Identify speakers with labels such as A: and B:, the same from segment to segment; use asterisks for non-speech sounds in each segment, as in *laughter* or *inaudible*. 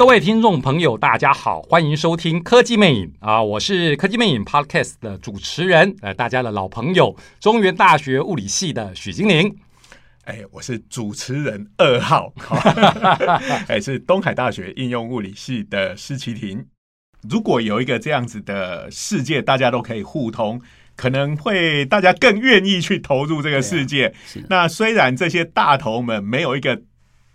A: 各位聽眾朋友，大家好，歡迎收聽《科技魅癮》啊！我是《科技魅癮》Podcast 的主持人，呃，大家的老朋友，中原大學物理系的許經夌。哎，我是主持人二號，啊、
B: *laughs* 哎，是東海大學應用物理系的施奇廷。如果有一個這樣子的世界，大家都可以互通，可能會大家更願意去投入這個世界。啊、那雖然這些大頭們沒有一個。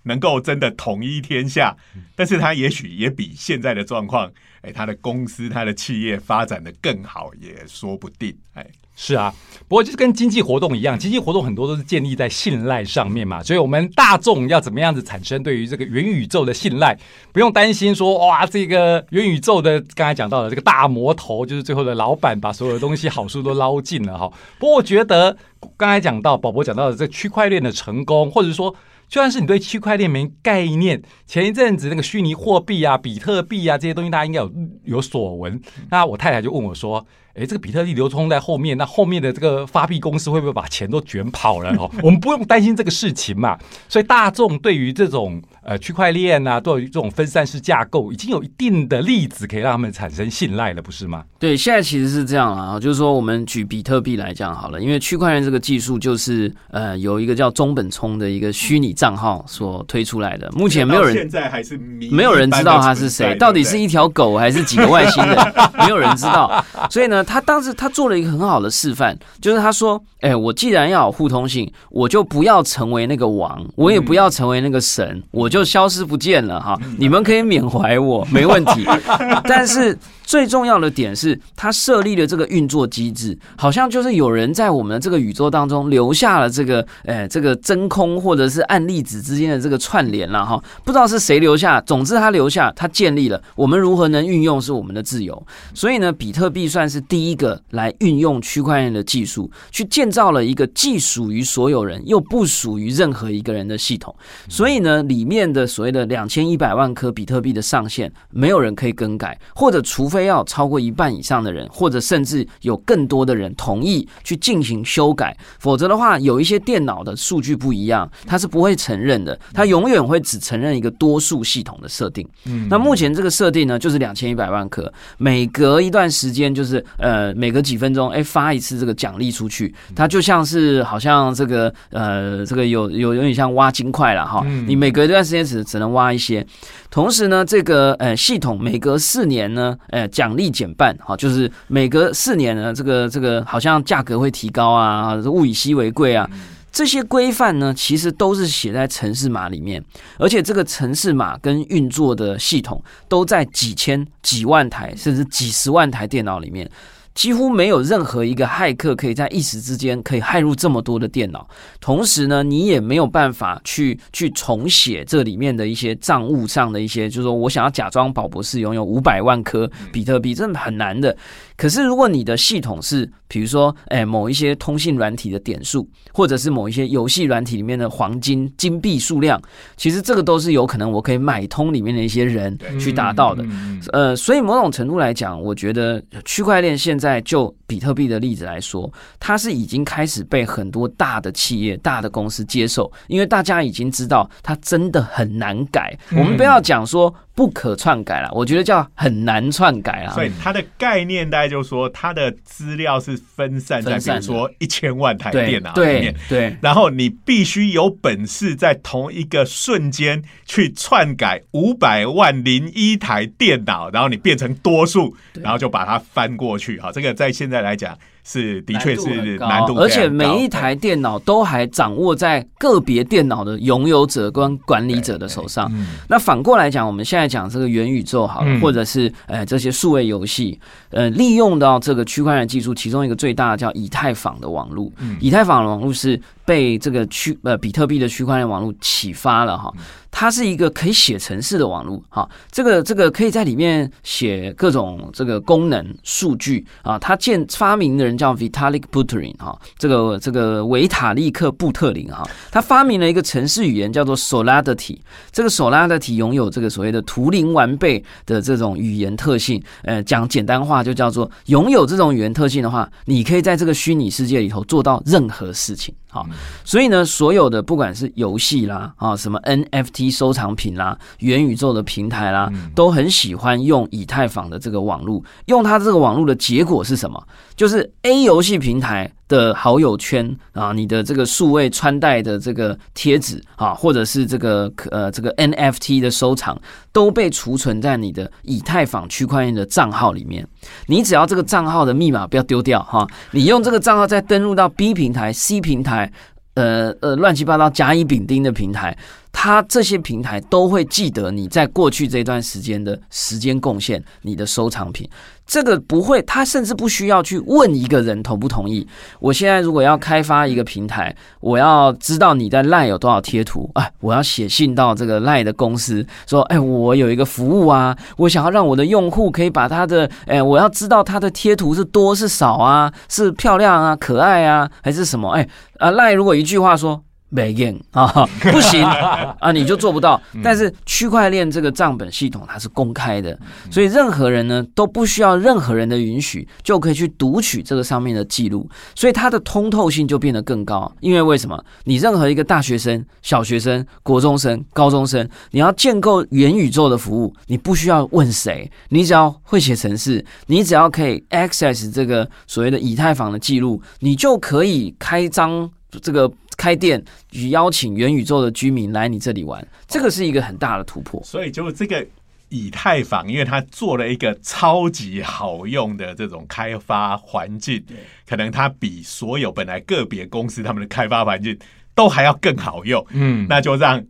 B: 能夠真的統一天下，但是他也許也比現在的狀況，哎，他的公司、他
A: 的企業發展的更好，也說不定。哎，是啊，不過就是跟經濟活動一樣，經濟活動很多都是建立在信賴上面嘛，所以我們大眾要怎麼樣子產生對於這個元宇宙的信賴？不用擔心說哇，這個元宇宙的，剛才講到的這個大魔頭，就是最後的老板把所有的東西好處都撈盡了哈。 *laughs* 不過我覺得剛才講到，寶寶講到的這個區塊鏈的成功，或者說。就算是你對區塊鏈沒概念，前一陣子那個虛擬貨幣啊、比特幣啊這些東西，大家應該有有所聞。那我太太就問我說：“誒、欸、這個比特幣流通在後面，那後面的這個發幣公司會不會把錢都卷跑了？”哦， *laughs* 我們不用擔心這個事情嘛。所以大眾對於這種。呃，區塊鏈吶，對於這種分散式架構，已經有一定的例子可以讓他們產生信賴了，不是嗎？
C: 對，現在其實是這樣啊，就是說我們舉比特幣來講好了，因為區塊鏈這個技術就是呃，有一個叫中本聰的一個虛擬賬號所推出來的，目前沒有人，現
B: 在還是沒有人知道他是誰。對對，到底是一
C: 條狗還是幾個外星人， *laughs* 沒有人知道。 *laughs* 所以呢，他當時他做了一個很好的示範，就是他說：“哎，我既然要有互通性，我就不要成為那個王，我也不要成為那個神，嗯、我就。”就消失不見了哈，你們可以緬懷我，沒問題， *laughs* 但是。最重要的點是，它設立了這個運作機制，好像就是有人在我們的這個宇宙當中留下了這個，誒、欸，這個真空或者是暗粒子之間的這個串聯了哈，不知道是誰留下，總之他留下，他建立了，我們如何能運用是我們的自由。所以呢，比特幣算是第一個來運用區塊鏈的技術去建造了一個既屬於所有人又不屬於任何一個人的系統。所以呢，裡面的所謂的兩千一百萬顆比特幣的上限，沒有人可以更改，或者除非。非要超過一半以上的人，或者甚至有更多的人同意去進行修改，否則的話，有一些電腦的數據不一樣，它是不會承認的，它永遠會只承認一個多數系統的設定。嗯，那目前這個設定呢，就是兩千一百萬顆，每隔一段時間，就是呃，每隔幾分鐘，哎、欸，發一次這個獎勵出去，它就像是好像這個呃，這個有有有點像挖金塊了哈，你每隔一段時間只只能挖一些。同時呢，這個呃系統每隔四年呢，哎、呃。獎勵減半，就是每隔四年呢，這個這個好像價格會提高啊，物以稀為貴啊，這些規範呢，其實都是寫在程式碼裡面，而且這個程式碼跟運作的系統都在幾千、幾萬台，甚至幾十萬台電腦裡面。幾乎沒有任何一個駭客可以在一時之間可以駭入這麼多的電腦，同時呢，你也沒有辦法去去重寫這裡面的一些賬務上的一些，就是說我想要假裝寶博士擁有五百萬顆比特幣，真的很難的。可是，如果你的系統是，比如說，誒、欸，某一些通信軟體的點數，或者是某一些遊戲軟體裡面的黃金、金幣數量，其實這個都是有可能我可以買通裡面的一些人去達到的。嗯嗯。呃，所以某種程度來講，我覺得區塊鏈現在就比特幣的例子來說，它是已經開始被很多大的企業、大的公司接受，因為大家已經知道它真的很難改。嗯。我們不要講說。不可篡改啦，我覺得叫很難篡改啊。所以它
B: 的概念大概就是說，它的資料是分散在比如說一千萬台電腦裡面。對對，對，然後你必須有本事在同一個瞬間去篡改五百萬零一台電腦，然後你變成多數，然後就把它翻過去。好，這個在現在來講。是，的確是難度，而且每一
C: 台電腦都還掌握在個別電腦的擁有者跟管理者的手上。那反過來講，我們現在講這個元宇宙，哈，或者是呃、哎、這些數位遊戲，呃，利用到這個區塊鏈技術，其中一個最大的叫以太坊的網絡，以太坊的網絡是被這個區呃比特幣的區塊鏈網絡啟發了哈。它是一個可以寫程式的網絡，哈，這個這個可以在裡面寫各種這個功能數據啊。他建發明的人叫 Vitalik Buterin，哈、這個，這個這個維塔利克布特林，哈，他發明了一個程式語言叫做 Solidity。這個 Solidity 擁有這個所謂的圖靈完備的這種語言特性，呃，講簡單話就叫做擁有這種語言特性的話，你可以在這個虛擬世界裡頭做到任何事情。好，所以呢，所有的不管是遊戲啦，啊，什麼 NFT 收藏品啦，元宇宙的平台啦，都很喜歡用以太坊的這個網絡，用它這個網絡的結果是什麼？就是 A 遊戲平台的好友圈啊，你的這個數位穿戴的這個貼紙啊，或者是這個呃這個 NFT 的收藏，都被儲存在你的以太坊區塊鏈的賬號裡面。你只要這個賬號的密碼不要丟掉哈，你用這個賬號再登錄到 B 平台、C 平台，呃呃亂七八糟甲乙丙丁的平台。他這些平台都會記得你在過去這段時間的時間貢獻、你的收藏品。這個不會，他甚至不需要去問一個人同不同意。我現在如果要開發一個平台，我要知道你在 LINE 有多少貼圖啊？我要寫信到這個 LINE 的公司說：“哎，我有一個服務啊，我想要讓我的用戶可以把他的……哎，我要知道他的貼圖是多是少啊，是漂亮啊，可愛啊，還是什麼？哎啊，LINE 如果一句話說。”沒見啊，不行啊，你就做不到。但是區塊鏈這個賬本系統它是公開的，所以任何人呢都不需要任何人的允許就可以去讀取這個上面的記錄，所以它的通透性就變得更高。因為為什麼？你任何一個大學生、小學生、國中生、高中生，你要建構元宇宙的服務，你不需要問誰，你只要會寫程式，你只要可以 access 這個所謂的以太坊的記錄，你就可以開張這個。開店與邀請元宇宙的居民來你這裡玩，這個是一個很大的突破。
B: 所以，就這個以太坊，因為它做了一個超級好用的這種開發環境，可能它比所有本來個別公司他們的開發環境都還要更好用。嗯，那就讓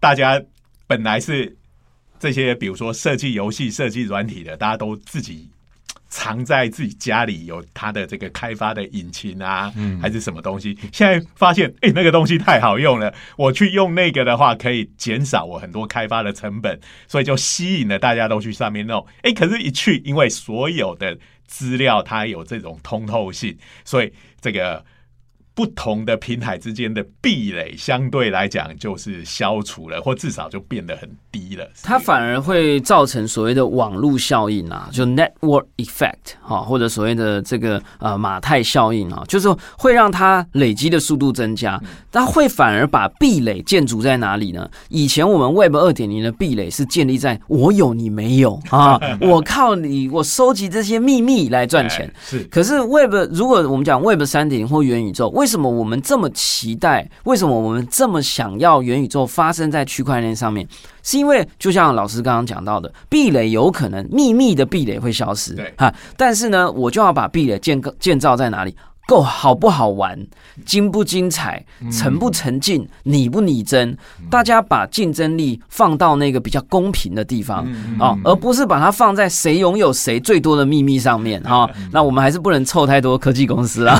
B: 大家本來是這些，比如說設計遊戲、設計軟體的，大家都自己。藏在自己家裡有他的這個開發的引擎啊，還是什麼東西？現在發現哎，那個東西太好用了，我去用那個的話可以減少我很多開發的成本，所以就吸引了大家都去上面弄。哎，可是，一去，因為所有的資料它有這種通透性，所以這個。不同的平台之間的壁壘，相對來講就是消除了，或至少就變得很低了。
C: 它反而會造成所謂的網路效應啊，就 network effect 哈、啊，或者所謂的這個呃馬太效應啊，就是會讓它累積的速度增加。它會反而把壁壘建築在哪裡呢？以前我們 Web 二點零的壁壘是建立在我有你沒有啊， *laughs* 我靠你，我收集這些秘密來賺錢，哎。是，可是 Web 如果我們講 Web 三點零或元宇宙，為什麼我們這麼期待？為什麼我們這麼想要元宇宙發生在區塊鏈上面？是因為就像老師剛剛講到的，壁壘有可能秘密的壁壘會消失，對哈。但是呢，我就要把壁壘建構建造在哪裡？夠好不好玩？精不精彩？沉、嗯、不沉浸？擬不擬真、嗯？大家把競爭力放到那個比較公平的地方啊、嗯哦，而不是把它放在誰擁有誰最多的秘密上面哈、哦嗯。那我們還是不能湊太多科技公司啊。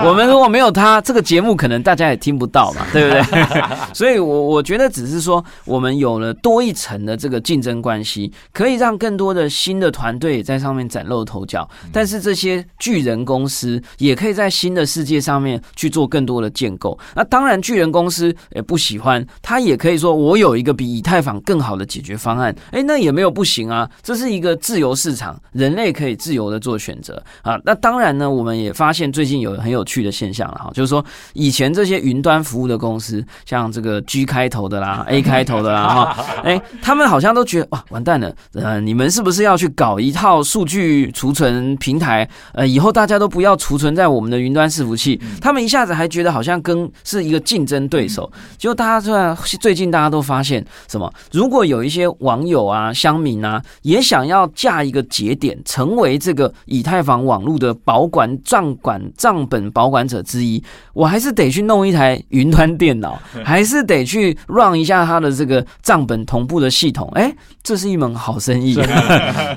C: 嗯、 *laughs* *laughs* 我們如果沒有他，這個節目可能大家也聽不到嘛， *laughs* 對不對？所以我我覺得只是說，我們有了多一層的這個競爭關係，可以讓更多的新的團隊在上面嶄露頭角、嗯。但是這些巨人公司也可以。在新的世界上面去做更多的建構，那當然巨人公司也不喜歡，他也可以說，我有一個比以太坊更好的解決方案，哎、欸，那也沒有不行啊，這是一個自由市場，人類可以自由的做選擇啊。那當然呢，我們也發現最近有很有趣的現象了哈，就是說以前這些雲端服務的公司，像這個 G 開頭的啦，A 開頭的啦哈，哎、欸，他們好像都覺得哇完蛋了，呃，你們是不是要去搞一套數據儲存平台？呃，以後大家都不要儲存在我。我們的雲端伺服器，他們一下子還覺得好像跟是一個競爭對手。就大家突然，最近大家都發現什麼？如果有一些網友啊、鄉民啊，也想要架一個節點，成為這個以太坊網絡的保管賬管賬本保管者之一，我還是得去弄一台雲端電腦，還是得去 run 一下它的這個賬本同步的系統。哎，這是一門好生意。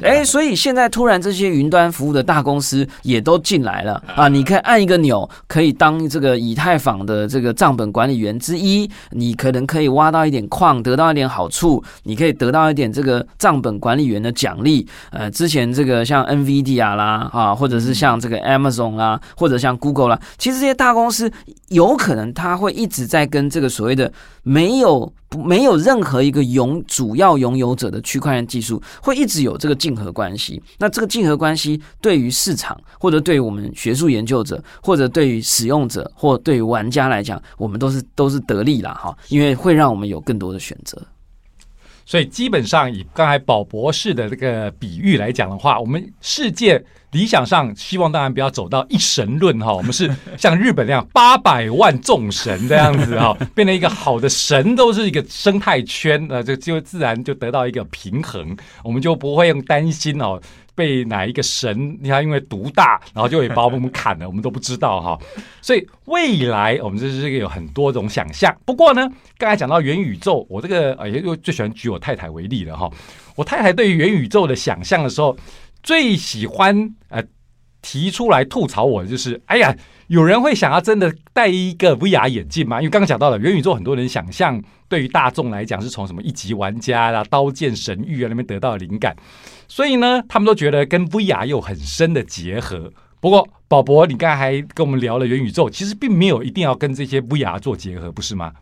C: 哎， *laughs* 所以現在突然這些雲端服務的大公司也都進來了啊，你可。再按一個鈕，可以當這個以太坊的這個賬本管理員之一。你可能可以挖到一點礦，得到一點好處。你可以得到一點這個賬本管理員的獎勵。呃，之前這個像 NVIDIA 啦，啊，或者是像這個 Amazon 啦，或者像 Google 啦，其實這些大公司有可能他會一直在跟這個所謂的沒有。沒有任何一個擁主要擁有者的區塊鏈技術，會一直有這個競合關係。那這個競合關係對於市場，或者對於我們學術研究者，或者對於使用者，或對於玩家來講，我們都是都是得利啦哈，因為會讓我們有更多的選擇。
A: 所以基本上以剛才寶博士的這個比喻來講的話，我們世界。理想上，希望當然不要走到一神論哈。我們是像日本那樣八百萬眾神這樣子哈，變成一個好的神都是一個生態圈，那就就自然就得到一個平衡，我們就不會用擔心哦被哪一個神，你看，因為獨大，然後就會把我們砍了，我們都不知道哈。所以未來我們這是這個有很多種想象。不過呢，剛才講到元宇宙，我這個哎又最喜歡舉我太太為例了哈。我太太對於元宇宙的想象的時候。最喜歡呃提出來吐槽我的就是，哎呀，有人會想要真的戴一個 VR 眼鏡嗎？因為剛剛講到了元宇宙，很多人想象對於大眾來講是從什麼一級玩家啊、刀劍神域啊那邊得到的靈感，所以呢，他們都覺得跟 VR 有很深的結合。不過，寶博，你剛才還跟我們聊了元宇宙，其實並沒有一定要跟這些 VR 做結合，不是嗎？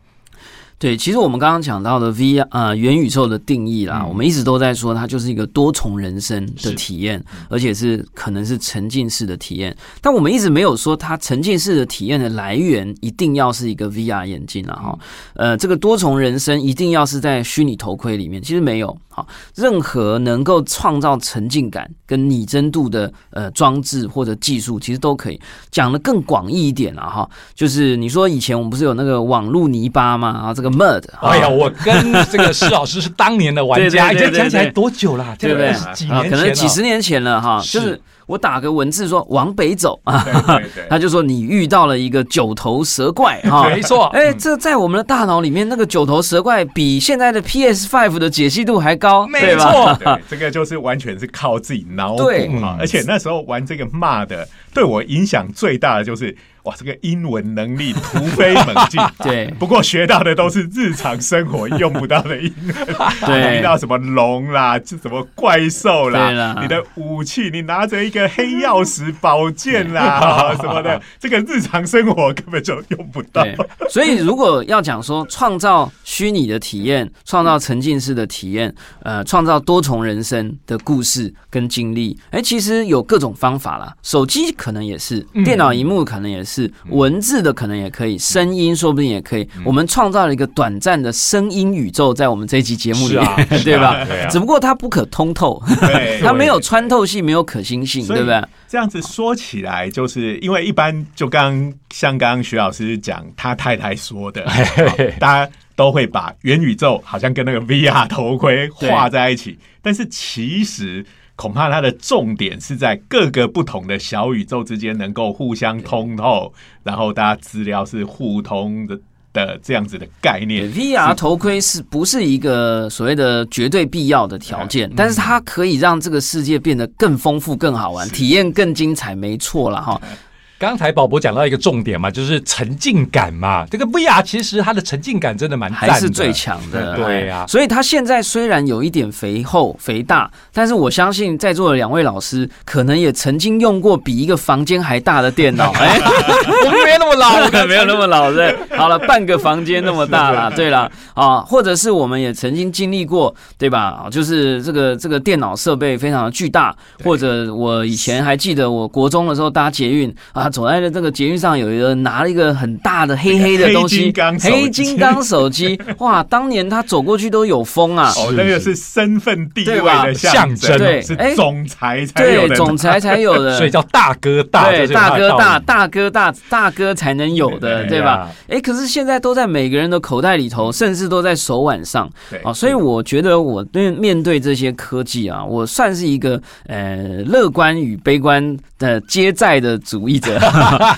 C: 對，其實我們剛剛講到的 VR、呃、元宇宙的定義啦、嗯，我們一直都在說它就是一個多重人生的體驗，而且是可能是沉浸式的體驗。但我們一直沒有說它沉浸式的體驗的來源一定要是一個 VR 眼鏡啊，哈、嗯。呃，這個多重人生一定要是在虛擬頭盔裡面，其實沒有。好，任何能夠創造沉浸感跟擬真度的呃裝置或者技術，其實都可以講得更廣義一點了哈。就是你說以前我們不是有那個網路泥巴嗎？啊，這個 Mud，哎呀、哦，我
A: 跟這個施老師是
C: 當年的玩家，這講 *laughs* 起來多久了？哦、對不對，對？可能幾十年前了哈，就是。我打個文字說往北走啊對，對對 *laughs* 他就說，你遇到了一個九頭蛇怪哈、啊，沒錯，哎，這在我們的大腦裡面，那個九頭蛇怪比現在的 PS5 的解析度還高，沒錯，
B: 這個就是完全是靠自己腦補啊。而且那時候玩這個罵的，對我影響最大的就是哇，這個英文能力突飛猛進， *laughs* 對，不過學到的都是日常生活用不到的英文， *laughs* 遇對笑到什麼龍啦，這什麼怪獸啦，你的武器你拿着一。個黑曜石寶劍啦什麼的，這個日常生活根本就用不
C: 到。 *laughs* 所以，如果要講說創造虛擬的體驗，創造沉浸式的體驗，呃，創造多重人生的故事跟經歷，哎，其實有各種方法啦。手機可能也是，電腦熒幕可能也是，文字的可能也可以，聲音說不定也可以。我們創造了一個短暫的聲音宇宙，在我們這一期節目裡面是啊，啊、對吧？只不過它不可通透，它， *laughs* 它沒有穿透性，沒有可行性。所以
B: 這樣子說起來，就是因為一般就剛像剛剛許老師講，他太太說的，大家都會把元宇宙好像跟那個 VR 頭盔畫在一起，但是其實恐怕它的重點是在各個不同的小宇宙之間能夠互相通透，然後大家資料是互通的。的這樣子的
C: 概念，VR 頭盔是不是一個所謂的絕對必要的條件？但是它可以讓這個世界變得更豐富、更好玩、體驗更精彩，沒錯啦哈。
A: 剛才寶博講到一個重點嘛，就是沉浸感嘛。這個 VR 其實它的沉浸感真的蠻強的，還是最強的，對啊。
C: 所以它現在雖然有一點肥厚、肥大，但是我相信在座的兩位老師可能也曾經用過比一個房間還大的電腦。哎、 *laughs* 啊，哈哈哈沒有那麼老的，沒有那麼老的。 *laughs* *laughs* 好了，半個房間那麼大了。對了，啊，或者是我們也曾經經歷過，對吧？就是這個這個電腦設備非常的巨大，或者我以前還記得，我國中的時候搭捷運啊。走在了這個捷運上，有一個拿了一個很大的黑黑的東西，黑金剛手機。手 *laughs* 哇，當年他走過去都有風啊。哦，那個是身份地位的象徵，是總裁才有的，欸。對，總裁才，才有的， *laughs* 所以叫大哥大。對，大哥大，大哥大，大哥才能有的，對、對、對，對吧？哎、啊欸，可是現在都在每個人的口袋裡頭，甚至都在手腕上。對啊，哦，所以我覺得我面面對這些科技啊，我算是一個呃樂觀與悲觀的皆在的主義者。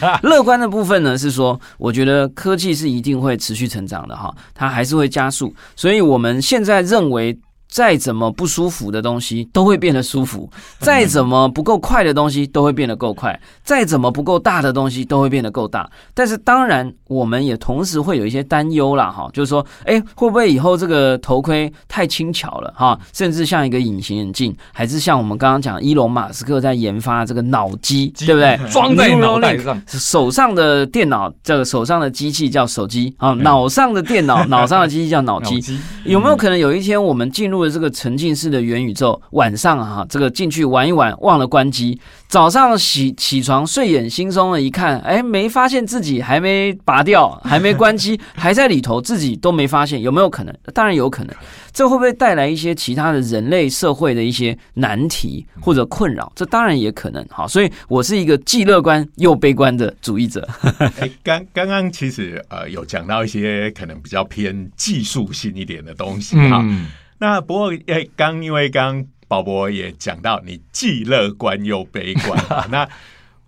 C: *laughs* 樂觀的部分呢，是說，我覺得科技是一定會持續成長的哈，它還是會加速，所以我們現在認為，再怎麼不舒服的東西都會變得舒服，再怎麼不夠快的東西都會變得夠快，再怎麼不夠大的東西都會變得夠大。但是當然，我們也同時會有一些擔憂了哈，就是說，哎，會不會以後這個頭盔太輕巧了哈，甚至像一個隱形眼鏡，還是像我們剛剛講的伊隆馬斯克在研發這個腦機，機，對不對？裝在腦袋上，手上的電腦，這個手上的機器叫手機啊，腦上的電腦，腦上的機器叫腦機，腦機有沒有可能有一天我們進入？這個沉浸式的元宇宙，晚上啊，這個進去玩一玩，忘了關機，早上起起床，睡眼惺忪的一看，哎、欸，沒發現自己還沒拔掉，還沒關機， *laughs* 還在裡頭，自己都沒發現，有沒有可能？當然有可能。這會不會帶來一些其他的人類社會的一些難題或者困擾？這當然也可能。好，所以我是一個既樂觀又悲觀的主義者。 *laughs* 欸、
B: 剛剛剛其實呃，有講到一些可能比較偏技術性一點的東西哈。嗯那不過誒，剛、欸、因為剛寶博也講到，你既樂觀又悲觀啊。 *laughs* 那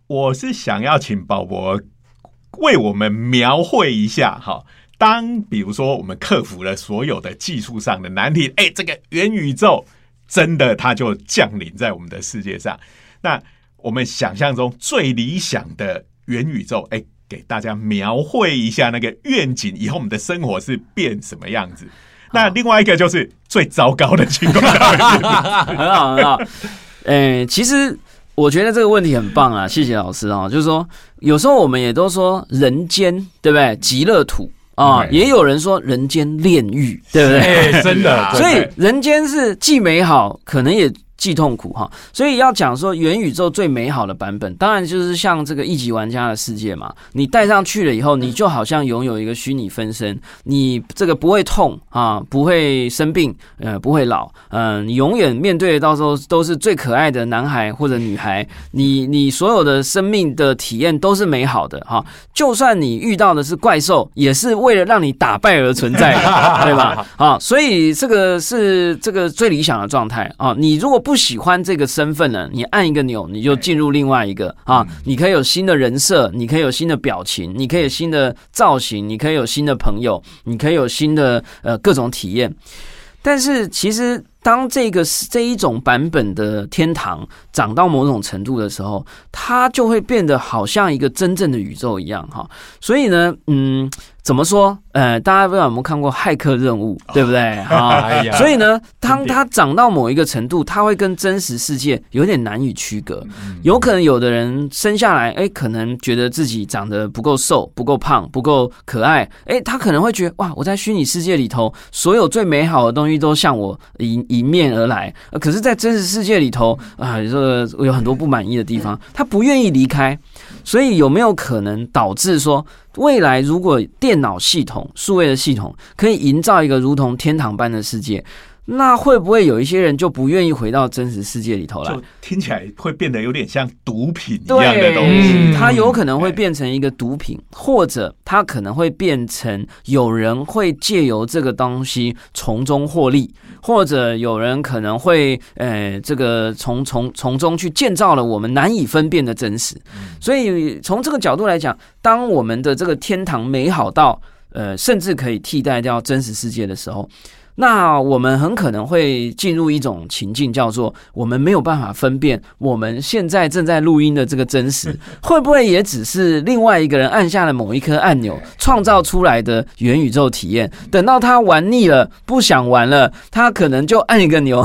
B: 我是想要請寶博為我們描繪一下哈，當比如說我們克服了所有的技術上的難題，哎、欸，這個元宇宙真的它就降臨在我們的世界上。那我們想象中最理想的元宇宙，哎、欸，給大家描繪一下那個願景，以後我們的生活是變什麼樣子？那另外一個就是最糟糕的情況，
C: 很好很好。嗯、欸，其實我覺得這個問題很棒啊，謝謝老師啊、喔。就是說，有時候我們也都說人間，對不對？極樂土啊，okay. 也有人說人間煉獄， *laughs* 對不對？真的、啊，所以人間是既美好，可能也，既痛苦哈，所以要講說元宇宙最美好的版本，當然就是像這個一級玩家的世界嘛。你帶上去了以後，你就好像擁有一個虛擬分身，你這個不會痛啊，不會生病，呃，不會老，嗯、呃，你永遠面對的到時候都是最可愛的男孩或者女孩。你你所有的生命的體驗都是美好的哈。就算你遇到的是怪獸，也是為了讓你打敗而存在的，對吧？啊，所以這個是這個最理想的狀態啊。你如果不喜歡這個身份呢？你按一個鈕，你就進入另外一個啊！你可以有新的人設，你可以有新的表情，你可以有新的造型，你可以有新的朋友，你可以有新的呃各種體驗。但是，其實當這個這一種版本的天堂長到某種程度的時候，它就會變得好像一個真正的宇宙一樣哈。啊。所以呢，嗯。怎麼說？呃，大家不知道有沒有看過《駭客任務》哦，對不對？哦 *laughs* 哎？所以呢，當他長到某一個程度，他會跟真實世界有點難以區隔。嗯、有可能有的人生下來誒，可能覺得自己長得不夠瘦、不夠胖、不夠可愛，誒他可能會覺得哇，我在虛擬世界裡頭，所有最美好的東西都向我迎迎面而來，呃。可是在真實世界裡頭啊，這、呃、有很多不滿意的地方，他不願意離開。所以有沒有可能導致說？未來，如果電腦系統、數位的系統可以營造一個如同天堂般的世界，那會不會有一些人就不願意回到真實世界裡頭來？就
B: 聽起來會變得有點像毒品
C: 一樣的東西。嗯嗯、它有可能會變成一個毒品，或者它可能會變成有人會借由這個東西從中獲利，或者有人可能會呃，這個從從從中去建造了我們難以分辨的真實。所以從這個角度來講，當我們的這個天堂美好到呃，甚至可以替代掉真實世界的時候。那我們很可能會進入一種情境，叫做我們沒有辦法分辨我們現在正在錄音的這個真實，會不會也只是另外一個人按下了某一顆按鈕創造出來的元宇宙體驗？等到他玩膩了，不想玩了，他可能就按一個鈕，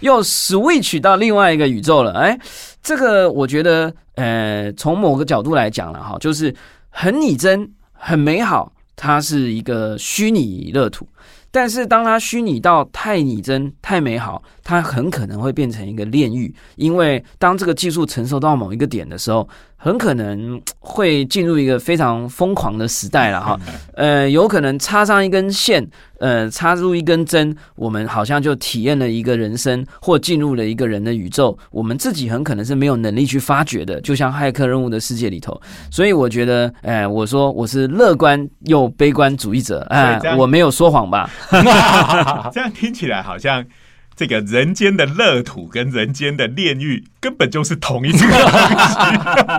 C: 又 switch 到另外一個宇宙了。哎，這個我覺得，呃，從某個角度來講了，哈，就是很擬真、很美好，它是一個虛擬樂土。但是，當它虛擬到太擬真、太美好，它很可能會變成一個煉獄，因為當這個技術成熟到某一個點的時候。很可能會進入一個非常瘋狂的時代了哈，呃，有可能插上一根線，呃，插入一根針，我們好像就體驗了一個人生，或進入了一個人的宇宙，我們自己很可能是沒有能力去發掘的，就像駭客任務的世界裡頭。所以我覺得，哎、呃，我說我是樂觀又悲觀主義者，哎、呃，我沒有說謊吧？
B: 這樣聽起來好像這個人間的樂土跟人間的煉獄根本就是同一個東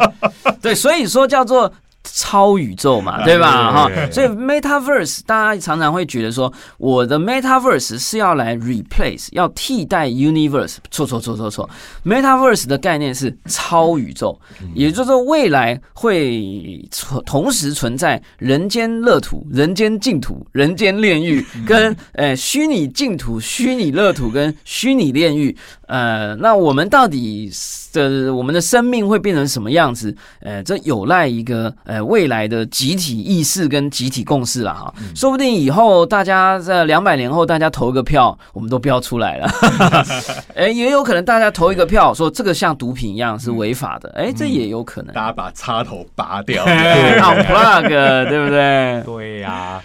B: 西。 *laughs*
C: *laughs* 對，所以說叫做超宇宙嘛，對吧？哈， *laughs* 所以 Metaverse 大家常常會覺得說，我的 Metaverse 是要來 replace，要替代 Universe。錯錯錯錯錯，錯，Metaverse 的概念是超宇宙，也就是說未來會同時存在人間樂土、人間淨土、人間煉獄，跟呃虛擬淨土、虛擬樂土跟虛擬煉獄。呃，那我們到底的我們的生命會變成什麼樣子？呃，這有賴一個呃未來的集體意識跟集體共識了哈、嗯。說不定以後大家在兩百年後，大家投一個票，我們都不要出來了。哎、 *laughs* 呃，也有可能大家投一個票說這個像毒品一樣是違法的。哎、嗯，這也有可能。大家把插頭拔掉 *laughs* 對好 *laughs* plug，對不
A: 對？對呀、啊。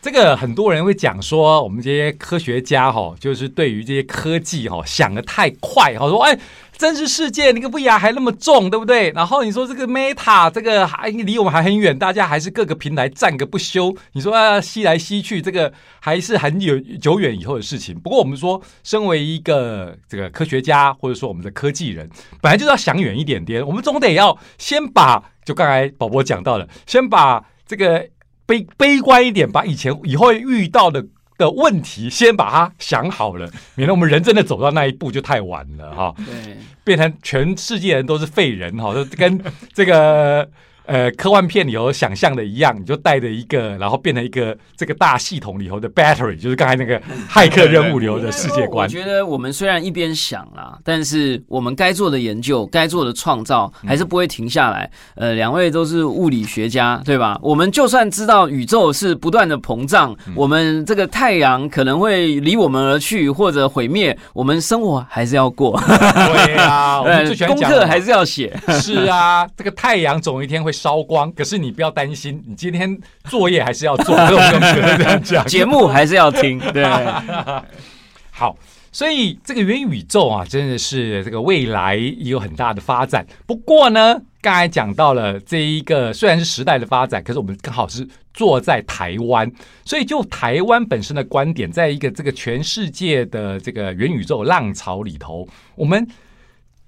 A: 這個很多人會講說，我們這些科學家哈，就是對於這些科技哈，想得太快哈，說哎，真實世界那個 VR 還那麼重，對不對？然後你說這個 Meta 這個還離我們還很遠，大家還是各個平台戰個不休，你說啊吸來吸去，這個還是很有久遠以後的事情。不過我們說，身為一個這個科學家或者說我們的科技人，本來就是要想遠一點點，我們總得要先把就剛才寶寶講到的，先把這個。悲悲觀一點，把以前以後遇到的的問題先把它想好了，免得我們人真的走到那一步就太晚了哈、哦。對，變成全世界人都是廢人哈，哦、就跟這個。 *laughs* 呃，科幻片裡頭想象的一樣，你就帶着一個，然後變成一個這個大系統裡頭的 battery，就是剛才那個駭客任務裡頭的
C: 世界觀，對對對對對。我覺得我們雖然一邊想啦，但是我們該做的研究、該做的創造還是不會停下來。嗯、呃，兩位都是物理學家，對吧？我們就算知道宇宙是不斷的膨脹、嗯，我們這個太陽可能會離我們而去或者毀滅，我們生活還是要過。啊對啊， *laughs* 我們最、呃、功課還是要寫。是啊，
A: 這個太陽總有一天會。燒光，可是你不要擔心，你今天作業還是要做， *laughs* 節目還是要聽，對。 *laughs* 好，所以這個元宇宙啊，真的是這個未來也有很大的發展。不過呢，剛才講到了這一個，雖然是時代的發展，可是我們剛好是坐在台灣，所以就台灣本身的觀點，在一個這個全世界的這個元宇宙浪潮裡頭，我們。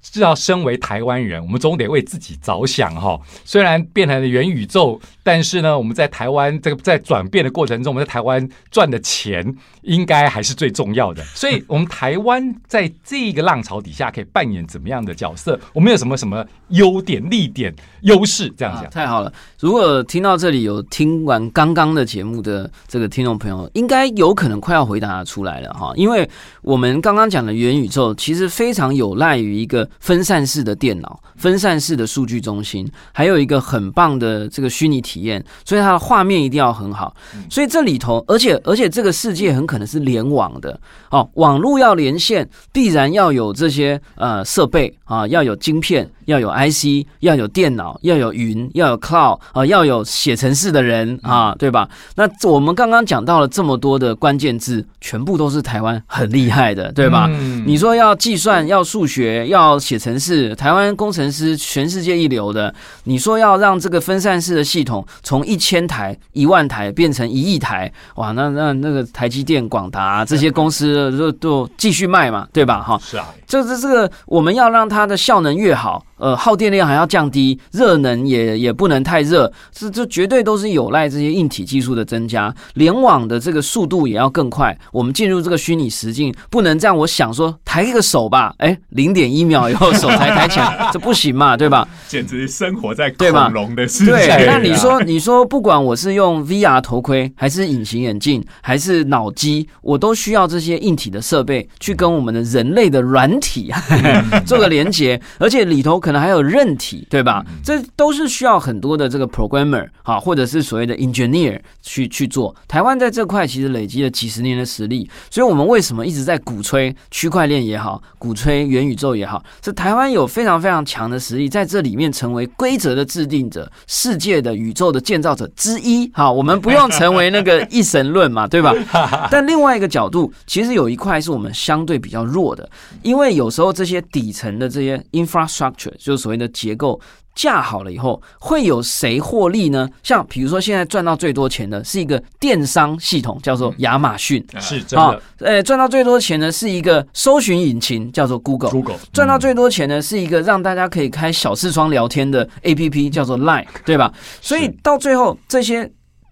A: 知道身為台灣人，我們總得為自己着想哈。雖然變成了元宇宙。但是呢，我們在台灣這個在轉變的過程中，我們在台灣賺的錢應該還是最重要的。所以，我們台灣在這個浪潮底下，可以扮演怎麼樣的角色？我們有什麼什麼
C: 優點、利點、優勢？這樣講、啊、太好了。如果聽到這裡有聽完剛剛的節目的這個聽眾朋友，應該有可能快要回答出來了哈，因為我們剛剛講的元宇宙其實非常有賴於一個分散式的電腦、分散式的數據中心，還有一個很棒的這個虛擬體。體驗，所以它的畫面一定要很好。所以這裡頭，而且而且，這個世界很可能是聯網的。哦、啊，網路要連線，必然要有這些呃設備啊，要有晶片，要有 IC，要有電腦，要有雲，要有 Cloud 啊，要有寫程式的人啊，對吧？那我們剛剛講到了這麼多的關鍵字，全部都是台灣很厲害的，對吧？嗯、你說要計算，要數學，要寫程式，台灣工程師全世界一流的。你說要讓這個分散式的系統。從一千臺、一萬臺變成一億臺，哇，那那那個台積電、廣達這些公司都都繼續賣嘛，對吧？哈，是啊，這這這個我們要讓它的效能越好。呃，耗電量還要降低，熱能也也不能太熱，這這絕對都是有賴這些硬體技術的增加。聯網的這個速度也要更快。我們進入這個虛擬實境，不能這樣。我想說，抬一個手吧，哎、欸，零點一秒以後手才抬起來， *laughs* 這不行嘛，對吧？
B: 簡直生活在恐龍的世界對。對，那你說，
C: *laughs* 你說不管我是用 VR 頭盔，還是隱形眼鏡，還是腦機，我都需要這些硬體的設備去跟我們的人類的軟體 *laughs* 做個連接，而且裡頭可。可能還有韌體，對吧？嗯。這都是需要很多的這個 programmer，啊，或者是所謂的 engineer 去去做。台灣在這塊其實累積了幾十年的實力，所以我們為什麼一直在鼓吹區塊鏈也好，鼓吹元宇宙也好，是台灣有非常非常強的實力，在這裡面成為規則的制定者、世界的宇宙的建造者之一。好，我們不用成為那個一神論嘛， *laughs* 對吧？ *laughs* 但另外一個角度，其實有一塊是我們相對比較弱的，因為有時候這些底層的這些 infrastructure。就是所謂的結構架好了以後，會有誰獲利呢？像比如說，現在賺到最多錢的是一個電商系統，叫做亞馬遜、嗯，是真的。呃，賺、欸、到最多錢呢是一個搜尋引擎，叫做 Google，賺、嗯、到最多錢呢是一個讓大家可以開小視窗聊天的 APP，、嗯、叫做 Line，對吧？所以到最後這些。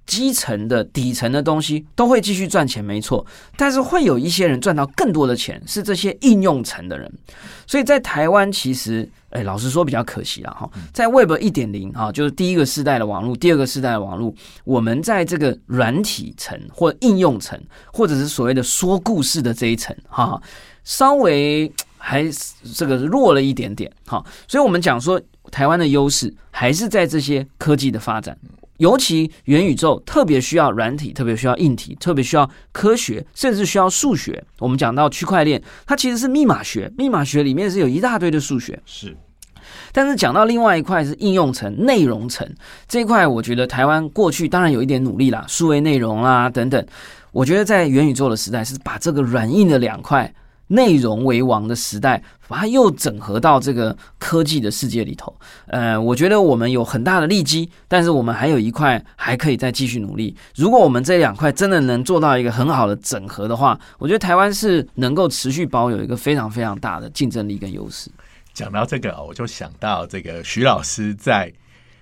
C: 基層的底層的東西都會繼續賺錢，沒錯。但是會有一些人賺到更多的錢，是這些應用層的人。所以在台灣，其實，哎、欸，老實說，比較可惜了哈。在 Web 一點零啊，就是第一個時代的網絡，第二個時代的網絡，我們在這個軟體層或應用層，或者是所謂的說故事的這一層，哈，稍微還這個弱了一點點。哈。所以我們講說，台灣的優勢還是在這些科技的發展。尤其元宇宙特別需要軟體，特別需要硬體，特別需要科學，甚至需要數學。我們講到區塊鏈，它其實是密碼學，密碼學裡面是有一大堆的數學。是，但是講到另外一塊是應用層、內容層這一塊，我覺得台灣過去當然有一點努力啦，數位內容啦、啊、等等。我覺得在元宇宙的時代，是把這個軟硬的兩塊。內容為王的時代，把它又整合到這個科技的世界裡頭。呃，我覺得我們有很大的利基，但是我們還有一塊還可以再繼續努力。如果我們這兩塊真的能做到一個很好的整合的話，嗯，我覺得台灣是能夠持續保有一個非常非常大的競爭力跟優勢。
B: 講到這個，我就想到這個許老師在。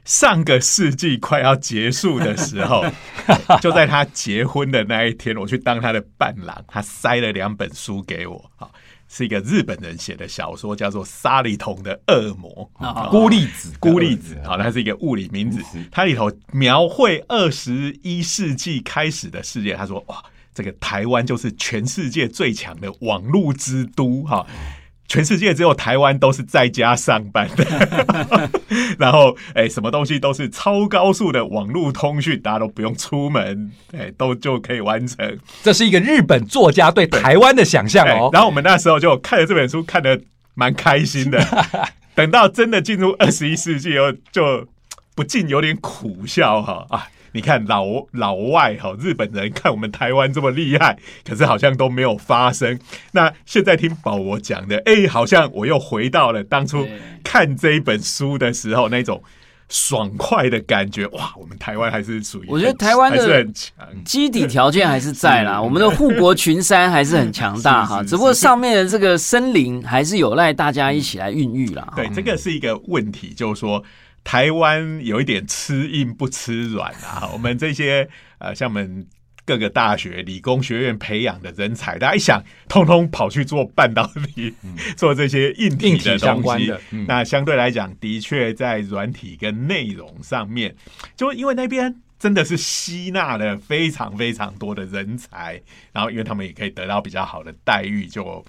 B: 上個世紀快要結束的時候， *laughs* 就在他結婚的那一天，我去當他的伴郎。他塞了兩本書給我，哦、是一個日本人寫的小說，叫做《沙里童的惡魔》，孤立子，孤立子，好、啊，那、啊啊、是一個物理名字，它裡頭描繪二十一世紀開始的世界。他說：“哇，這個台灣就是全世界最強的網路之都。哦”哈、嗯。全世界只有台灣都是在家上班的， *laughs* 然後哎，什麼東西都是超高速的網絡通訊，大家都不用出門，哎，都就可以完成。這是一個日本作家對台灣的想象哦。然後我們那時候就看了這本書，看得蠻開心的。 *laughs* 等到真的進入二十一世紀以後，就不禁有點苦笑哈啊。你看老老外哈，日本人看我們台灣這麼厲害，可是好像都沒有發生。那現在聽保羅講的，哎、欸，好像我又回到了當初看這一本
C: 書的時候那種爽快的感覺。哇，我們台灣還是屬於，我覺得台灣還是很強，基底條件還是在啦。 *laughs* 我們的護國群山還是很強大哈， *laughs* 是是是是只不過上面的這個森林還是有賴大家一起來孕育啦。
B: 對、嗯，這個是一個問題，就是說。台灣有一點吃硬不吃軟啊！我們這些呃，像我們各個大學理工學院培養的人才，大家一想通通跑去做半導體，嗯、做這些硬體的東西、硬體相關的、嗯。那相對來講，的確在軟體跟內容上面，就因為那邊真的是吸納了非常非常多的人才，然後因為他們也可以得到比較好的待遇，就。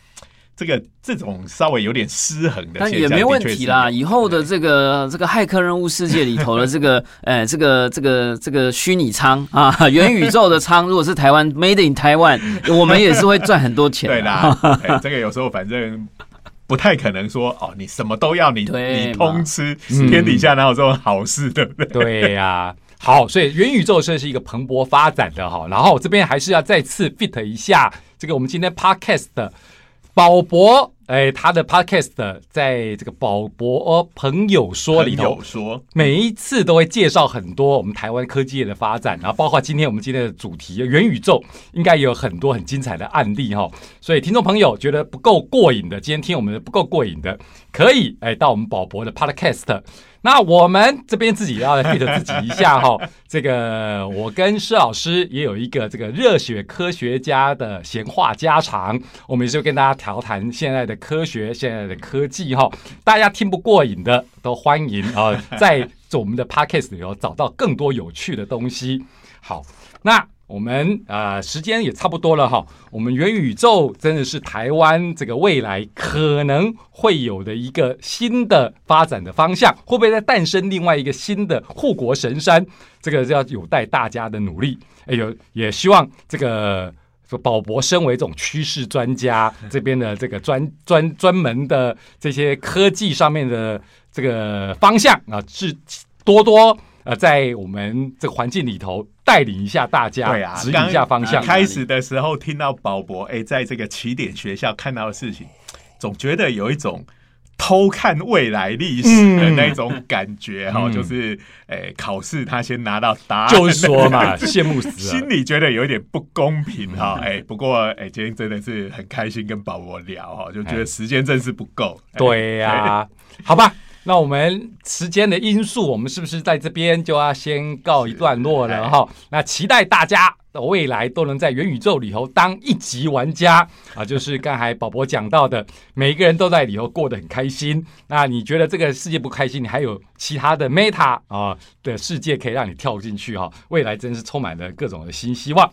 B: 這個這種稍微有點失衡的現象，但也沒問題啦。
C: 以後的這個這個駭客任務世界裡頭的這個，哎、 *laughs* 欸，這個這個這個虛擬倉啊，元宇宙的倉，如果是台灣 *laughs* made in Taiwan，我們也是會賺很多錢的、 *laughs* 欸。這
B: 個有時候反正不太可能說 *laughs* 哦，你什麼都要你你通吃、
A: 嗯，天底下哪有這種好事，對不對？對呀、啊。好，所以元宇宙算是一個蓬勃發展的哈。然後我這邊還是要再次 fit 一下這個我們今天 podcast。寶博，哎，他的 podcast 在這個寶博朋友說裡頭，每一次都會介紹很多我們臺灣科技業的發展，然後包括今天我們今天的主題元宇宙，應該也有很多很精彩的案例哈、哦。所以聽眾朋友覺得不夠過癮的，今天聽我們的不夠過癮的，可以哎到我們寶博的 podcast。那我們這邊自己要記得自己一下哈、哦， *laughs* 這個我跟施老師也有一個這個熱血科學家的閒話家常，我們也就跟大家調談現在的科學、現在的科技哈、哦，大家聽不過癮的都歡迎啊、呃，在我們的 podcast 裡頭找到更多有趣的東西。好，那。我們啊、呃，時間也差不多了哈。我們元宇宙真的是台灣這個未來可能會有的一個新的發展的方向，會不會再誕生另外一個新的護國神山？這個要有待大家的努力。哎呦，也希望這個說寶博身為這種趨勢專家，這邊的這個專專專門的這些科技上面的這個方向啊，是多多啊、呃，在我們這個環境裡頭。帶領一下大家，對啊，指引一下方向、呃。開始
B: 的時候聽到寶博哎、欸，在這個起點學校看到的事情，總覺得有一種偷看未來歷史的那種感覺哈、嗯哦嗯，就是哎、欸、考試他先拿到答案，就是說嘛，羨慕死了，心裡覺得有一點不公平哈。哎、哦欸，不過哎、欸，今天真的是很開心跟
A: 寶博聊哈、哦，就覺
B: 得時間真是不夠、欸。對呀、啊欸，好吧。
A: *laughs* 那我們時間的因素，我們是不是在這邊就要先告一段落了哈？那期待大家的未來都能在元宇宙裡頭當一級玩家啊！就是剛才寶寶講到的，每個人都在裡頭過得很開心。那你覺得這個世界不開心？你還有其他的 Meta 啊的世界可以讓你跳進去哈？未來真是充滿了各種的新希望。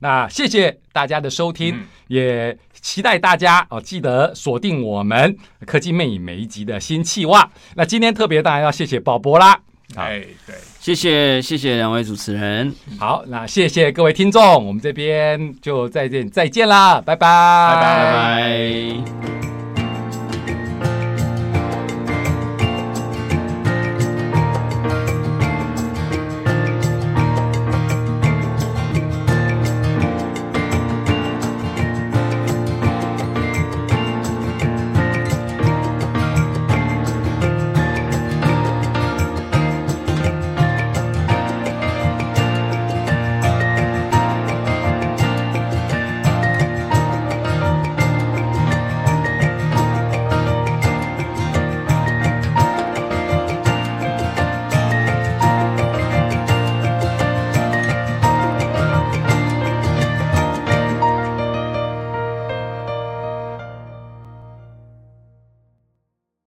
A: 那謝謝大家的收聽，嗯、也期待大家哦，記得鎖定我們《科技魅癮》每一集的新期望。那今天特別當然要謝謝寶博啦，哎，對，謝謝謝謝兩位主持人，好，那謝謝各位聽眾，我們這邊就再見，再見啦，拜拜，拜
C: 拜。Bye bye